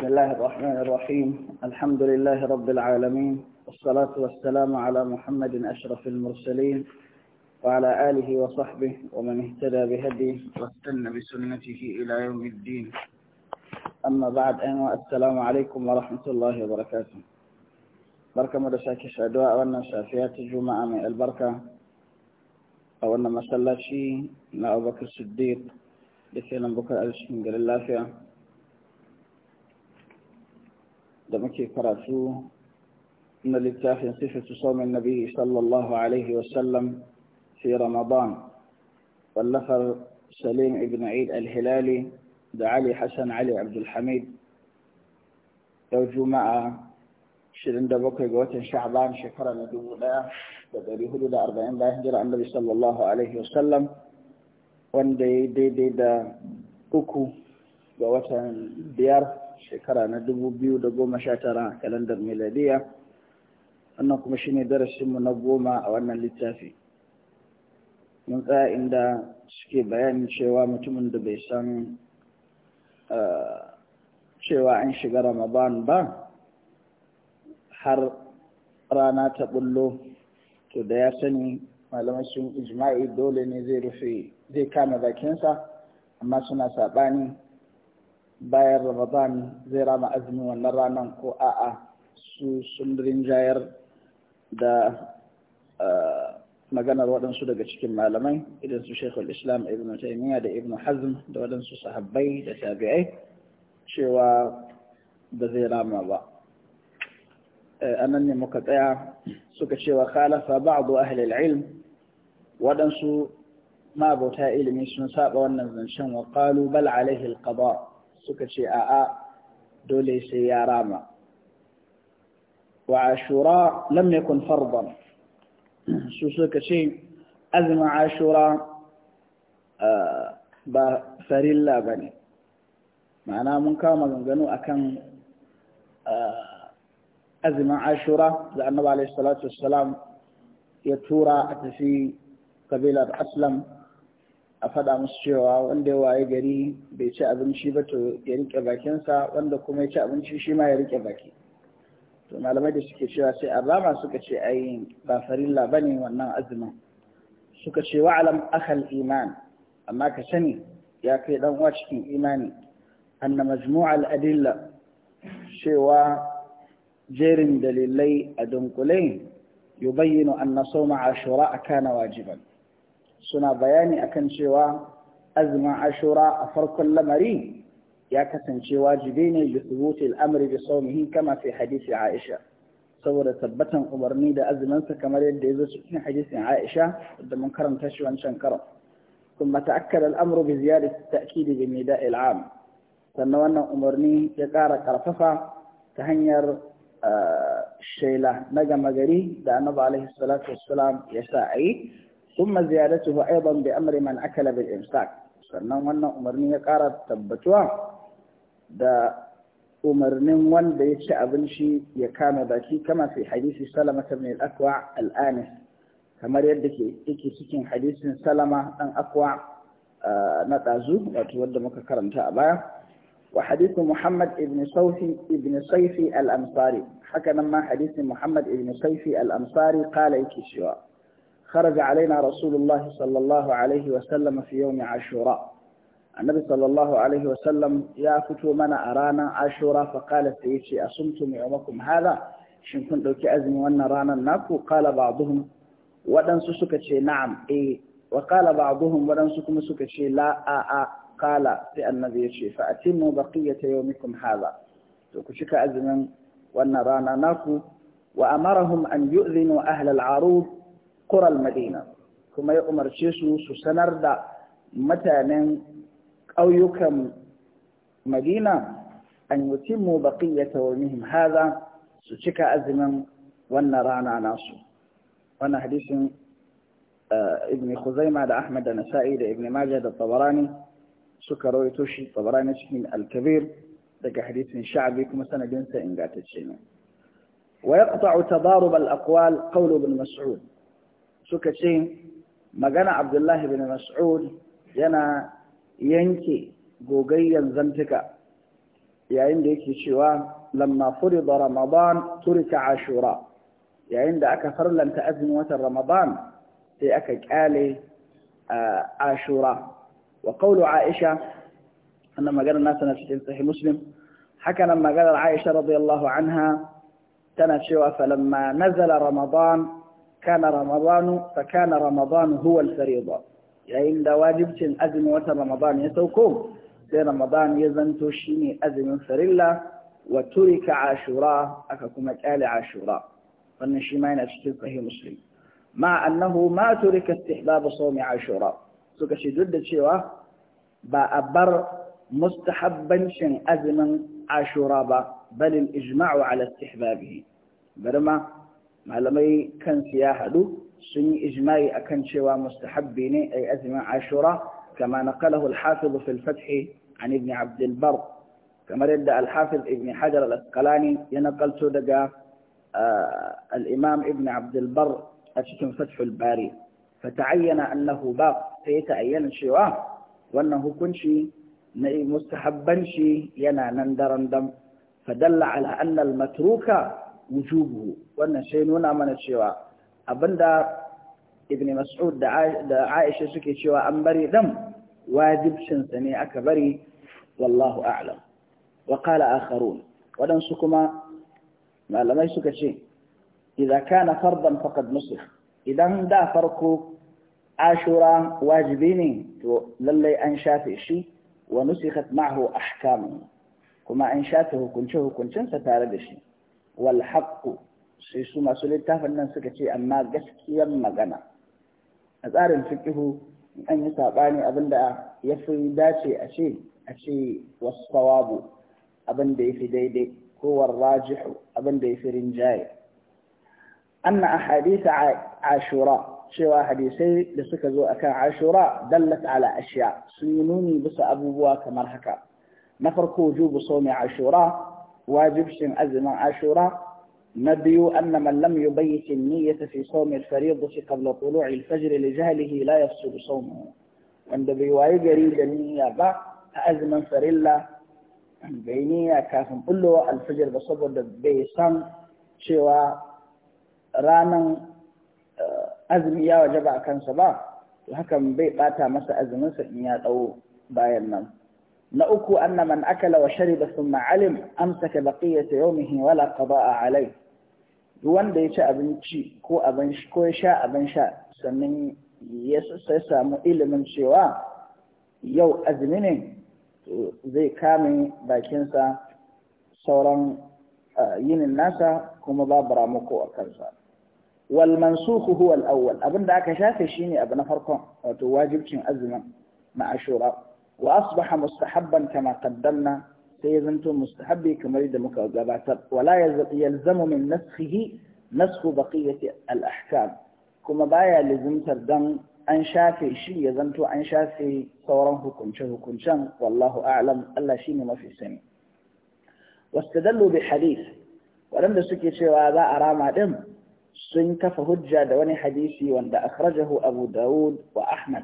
بسم الله الرحمن الرحيم الحمد لله رب العالمين والصلاة والسلام على محمد أشرف المرسلين وعلى آله وصحبه ومن اهتدى بهديه واستنى بسنته إلى يوم الدين أما بعد أنا السلام عليكم ورحمة الله وبركاته بركة مدساكي شعدواء وأن شافيات الجمعة من البركة أو أن مسلشي لا أبو بكر الصديق لكي نبكر الله فيها da muke karatu na littafin sifatu saumin nabi sallallahu alaihi wasallam fi ramadan wallafar salim ibn aid al-hilali da ali hassan ali abdulhamid yau juma'a 27 ga watan sha'ban shekara na 1440 bayan jira annabi sallallahu alaihi wasallam wanda ya daidai da uku ga watan biyar shekara na da goma 2019 a kalandar miladiya wannan kuma shi shine darasinmu na goma a wannan littafi mun tsaya inda suke bayanin cewa mutumin da bai san ah, cewa an shiga ramadan ba har rana ta bullo to da ya sani malamai sun ijma'i dole ne zai rufe zai kama bakinsa amma suna saɓani bayar ramadan zai rama azumin wannan ranar ko a'a su sun rinjayar da maganar waɗansu daga cikin malamai idan su shekul islam ibn taimiyya da ibn hazm da waɗansu sahabbai da tabi'ai cewa da zai rama ba anan ne muka tsaya suka cewa khalafa ba'du ahli al-ilm waɗansu bauta ilimi sun saba wannan zancen wa qalu bal alaihi al-qada suka ce a'a dole sai ya rama wa ashura lam yakun fardan su suka ce azma ashura ba farilla bane ma'ana mun kawo maganganu akan azma ashura da annabi alaihi salatu wassalam ya tura a tafi kabilar aslam a faɗa musu cewa wanda ya waye gari bai ci abinci ba to ya rike bakin sa wanda kuma ya ci abinci shi ma ya rike baki to malamai da suke cewa sai arama suka ce ai ba farilla bane wannan azumin suka ce wa alam akhal iman amma ka sani ya kai dan uwa cikin imani anna majmu'a al adilla cewa jerin dalilai a dunkule yubayyinu anna sawma ashura kana wajiban suna bayani akan cewa azumin ashura a farkon lamari ya kasance wajibi ne bi thubuti al-amri bi sawmihi kama fi hadisi Aisha saboda tabbatan umarni da azumin sa kamar yadda yazo cikin hadisin Aisha da mun karanta shi wancan karon kuma ta'akkada al-amru bi ziyadati at-ta'kid bi nida'i al-am sannan wannan umarni ya ƙara ƙarfafa ta hanyar shaila na gama gari da annabi alaihi salatu wassalam ya sa a yi ثم زيادته أيضا بأمر من أكل بالإمساك sannan wannan umarni ya ƙara tabbatuwa da umarnin wanda ya ci abinci ya kama baki kama fi hadisi salama ta mai akwa al'anis kamar yadda ke yake cikin hadisin salama ɗan akwa eh, na ɗazu wato wanda muka karanta a baya wa hadisin muhammad ibn ibn saifi al'amsari haka nan ma hadisin muhammad ibn saifi al-amsari kala yake cewa خرج علينا رسول الله صلى الله عليه وسلم في يوم عاشوراء النبي صلى الله عليه وسلم يا فتو من أرانا عاشوراء فقال سيدي أصمتم يومكم هذا shin kun ɗauki azumi wannan ranar naku kala ba waɗansu suka ce na'am wa kala ba waɗansu kuma suka ce la a kala sai annabi ya ce fa atimu baqiyata yawmikum hadha to ku cika azumin wannan rana naku wa amarahum an yu'zinu ahla al قرى المدينة كما يؤمر تشيسو سسنر دا متانا أو يكم مدينة أن يتموا بقية يومهم هذا سشك وانا رانا ناسو وانا حديث آه، ابن خزيمة دا أحمد نسائي دا ابن ماجه دا الطبراني سكروي توشي طبراني شهين الكبير دا حديث شعبي كما سنة جنسة إنقاتشينا ويقطع تضارب الأقوال قول ابن مسعود suka ce magana abdullahi bin mas'ud yana yanke gogayyan zantuka yayin da yake cewa lamma furida ramadan turika ashura yayin da aka farlanta azumin watan ramadan sai aka kyale ashura wa qawlu aisha annan maganar nasa na cikin sahih muslim haka nan maganar aisha radiyallahu anha tana cewa falamma nazala ramadan كان رمضان فكان رمضان هو الفريضة يا يعني إن واجب تن أزم رمضان يتوكو في رمضان يزن شيني أزم فريلا وترك عاشوراء أككم أكال عاشوراء فنشي ماين أشتلت هي مسلم مع أنه ما ترك استحباب صوم عاشوراء سوكشي جدد شوى بأبر مستحبا شن أزم عاشوراء بل الإجماع على استحبابه برما malamai kansu ya haɗu sun yi ijma'i akan cewa mustahabbi ne ay azumin ashura kama naqalahu al-hafiz fi al-fath an ibn abd al-bar kamar yadda al-hafiz ibn hajar al-asqalani ya naqalto daga al-imam ibn abd al-bar a cikin fath al-bari fata'ayyana annahu baq sai ta'ayyana cewa wannan hukunci na mustahabban shi yana nan daran dam fadalla ala anna al-matruka wujubuhu wannan sai nuna mana cewa abinda ibn mas'ud da aisha suke cewa an bari dan wajibcinsa ne aka bari wallahu a'lam wa qala akharun wadansu kuma malamai suka ce idza kana fardan faqad nusakh idan da farko ashura wajibi ne to lallai an shafe shi wa nusikhat ma'ahu ahkamu kuma an shafe hukunce hukuncinsa tare da shi wal haqqu sai su masu littafin nan suka ce amma gaskiyar magana a tsarin fikihu an yi saɓani abinda ya fi dace a ce a ce wasu abinda ya fi daidai ko warrajihu abinda ya fi rinjaye anna ahadisa ashura cewa hadisai da suka zo a kan ashura dallat ala ashiya sun yi nuni bisa abubuwa kamar haka na farko sau sawmi ashura wajibcin azumin ashura na biyu anna man lam yubayyin niyyata fi sawmi al-fariidati qabla tulu'i al-fajr li jahlihi la yafsidu sawmuhu wanda bai wayi gari da niyya ba a azumin farilla bai niyya kafin bullowa alfajir ba saboda bai san cewa ranan eh, azumi ya waje ba a kansa ba to hakan bai ɓata masa azuminsa in ya tsawo bayan nan na uku anna man akala wa shariba thumma alim amsaka baqiyata yawmihi wala qada'a alai duk wanda ya ci abinci ko abin ko ya sha abin sha sannan ya sai samu ilimin cewa yau azumi ne zai kame bakinsa sauran yinin nasa kuma babu ramako a kansa wal mansukhu huwa al awwal abinda aka shafe shine abu na farkon wato wajibcin azumin na ashura وأصبح مستحبا كما قدمنا سيزنتم مستحبي كما يريد مكاوزابات ولا يلزم من نسخه نسخ بقية الأحكام كما بايا لزم الدم أن شافي شي يزنتو أن شافي صوره كنشه كنشان والله أعلم ألا شيء ما في سن واستدلوا بحديث ولم نسكي شيء ذا أرام عدم سنك فهجة دوني حديثي وان أخرجه أبو داود وأحمد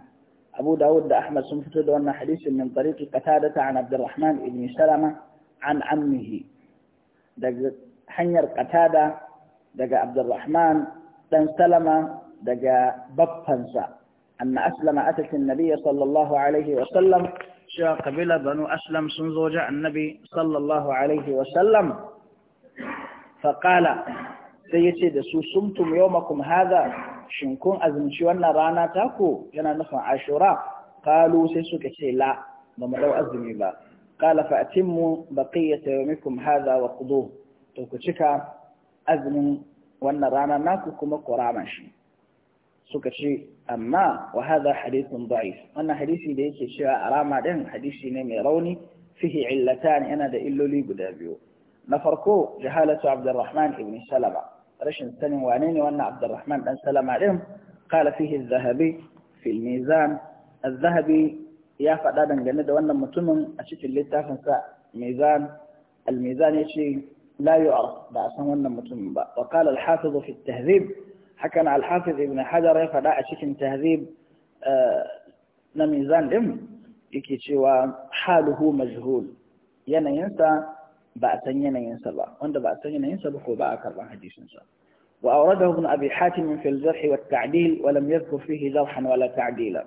أبو داود دا أحمد سنفتو دون حديث من طريق قتادة عن عبد الرحمن بن سلمة عن عمه دق حنير قتادة دق عبد الرحمن بن سلمة دق بطنسا أن أسلم أتت النبي صلى الله عليه وسلم شا قبيلة بنو أسلم سنزوج النبي صلى الله عليه وسلم فقال سيسيد سوسمتم يومكم هذا shin kun azumci wannan rana ta ko yana nufin ashura qalu sai suka ce la ba mu dau azumi ba qala fa atimmu baqiyata yawmikum hadha wa qudu to ku cika azumin wannan rana naku kuma ku rama shi suka ce amma wa hadha hadithun da'if wannan hadisi da yake cewa arama din hadisi ne mai rauni fihi illatan yana da illoli guda biyu na farko jahalatu abdurrahman ibn salama رشن سلم وعنيني وأن عبد الرحمن بن سلام عليهم قال فيه الذهبي في الميزان الذهبي يا فدادا جندا وأن متمن أشيك اللي تافنسا ميزان الميزان يشي لا يعرف بأسا وأن متمن وقال الحافظ في التهذيب حكم على الحافظ ابن حجر يا فدا أشيك تهذيب نميزان لم mizan ɗin yake cewa haluhu majhul ba a san yanayinsa ba wanda ba a san yanayinsa ba ko ba a karban hadisinsa wa awradahu ibn abi hatim fi al-jarh wa at-ta'dil wa wala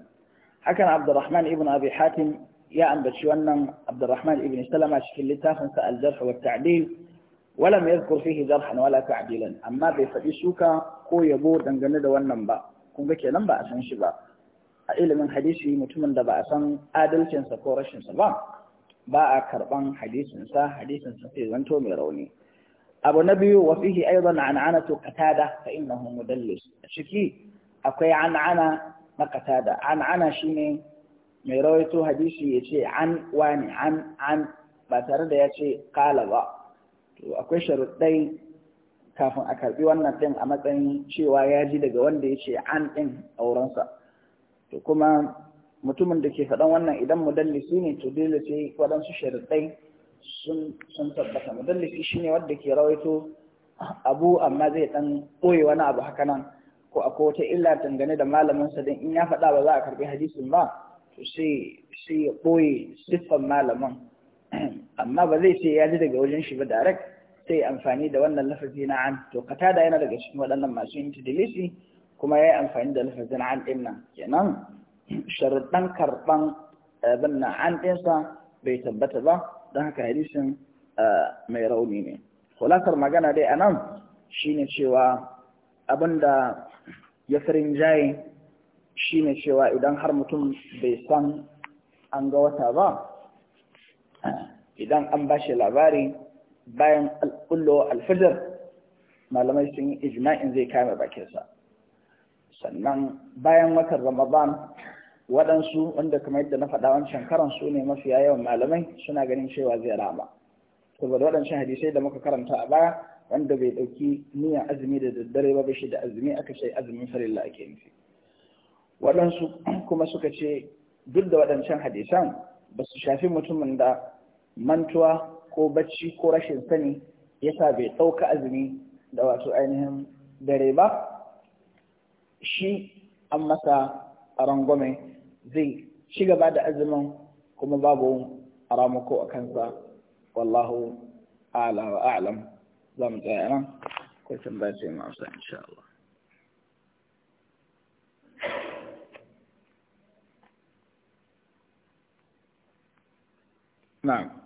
hakan abdurrahman ibn abi hatim ya ambaci wannan abdurrahman ibn salama cikin littafin sa al-jarh wa at-ta'dil wa lam wala amma bai faɗi suka ko yabo dangane da wannan ba kun ga kenan ba a san shi ba a ilimin hadisi mutumin da ba a san adalcinsa ko rashinsa ba ba a karban hadisin sa hadisin sai zanto mai rauni abu na biyu wa fihi aidan an'anatu qatada fa innahu mudallis shiki akwai an'ana na qatada an'ana shine mai rawaito hadisi yace an wani an an ba tare da yace qala ba to akwai sharuɗai kafin a karbi wannan din a matsayin cewa ya ji daga wanda yace an din aurensa to kuma mutumin da ke faɗan wannan idan mudallisi ne to dole sai waɗansu sharaɗai sun tabbata mudallisi ne wanda ke rawaito abu amma zai ɗan ɓoye wani abu haka nan ko akwai wata illa dangane da malaminsa Dan in ya faɗa ba za a karɓi hadisin ba to sai ya ɓoye siffan malamin amma ba zai ce ya ji daga wajen shi ba direct sai amfani da wannan lafazi na an to katada yana daga cikin waɗannan masu intidilisi kuma ya yi amfani da lafazin an ɗin kenan sharaɗan karɓan eh, abin na an ɗinsa bai tabbata ba don haka hadisin eh, mai rauni ne Kulatar magana dai anan, nan shine cewa abinda ya farin jaye shine cewa idan har mutum bai san an ga wata ba idan an ba shi labari bayan kullo alfijir malamai sun yi ijma'in zai kame bakinsa sannan bayan watan ramadan waɗansu wanda kamar yadda na faɗa wancan karan su ne mafiya yawan malamai suna ganin cewa zai rama saboda waɗancan hadisai da muka karanta a baya wanda bai ɗauki niyyar azumi da daddare ba shi da azumi aka ce azumin farilla ake nufi waɗansu kuma suka ce duk da waɗancan hadisan ba su shafi mutumin da mantuwa ko bacci ko rashin sani yasa bai ɗauka azumi da wato ainihin dare ba shi an masa rangwame zai ci gaba da azumin kuma babu ramako a kansa wallahu ala wa a'lam za mu tsaya nan ko tambaya ce mu amsa insha Allah na'am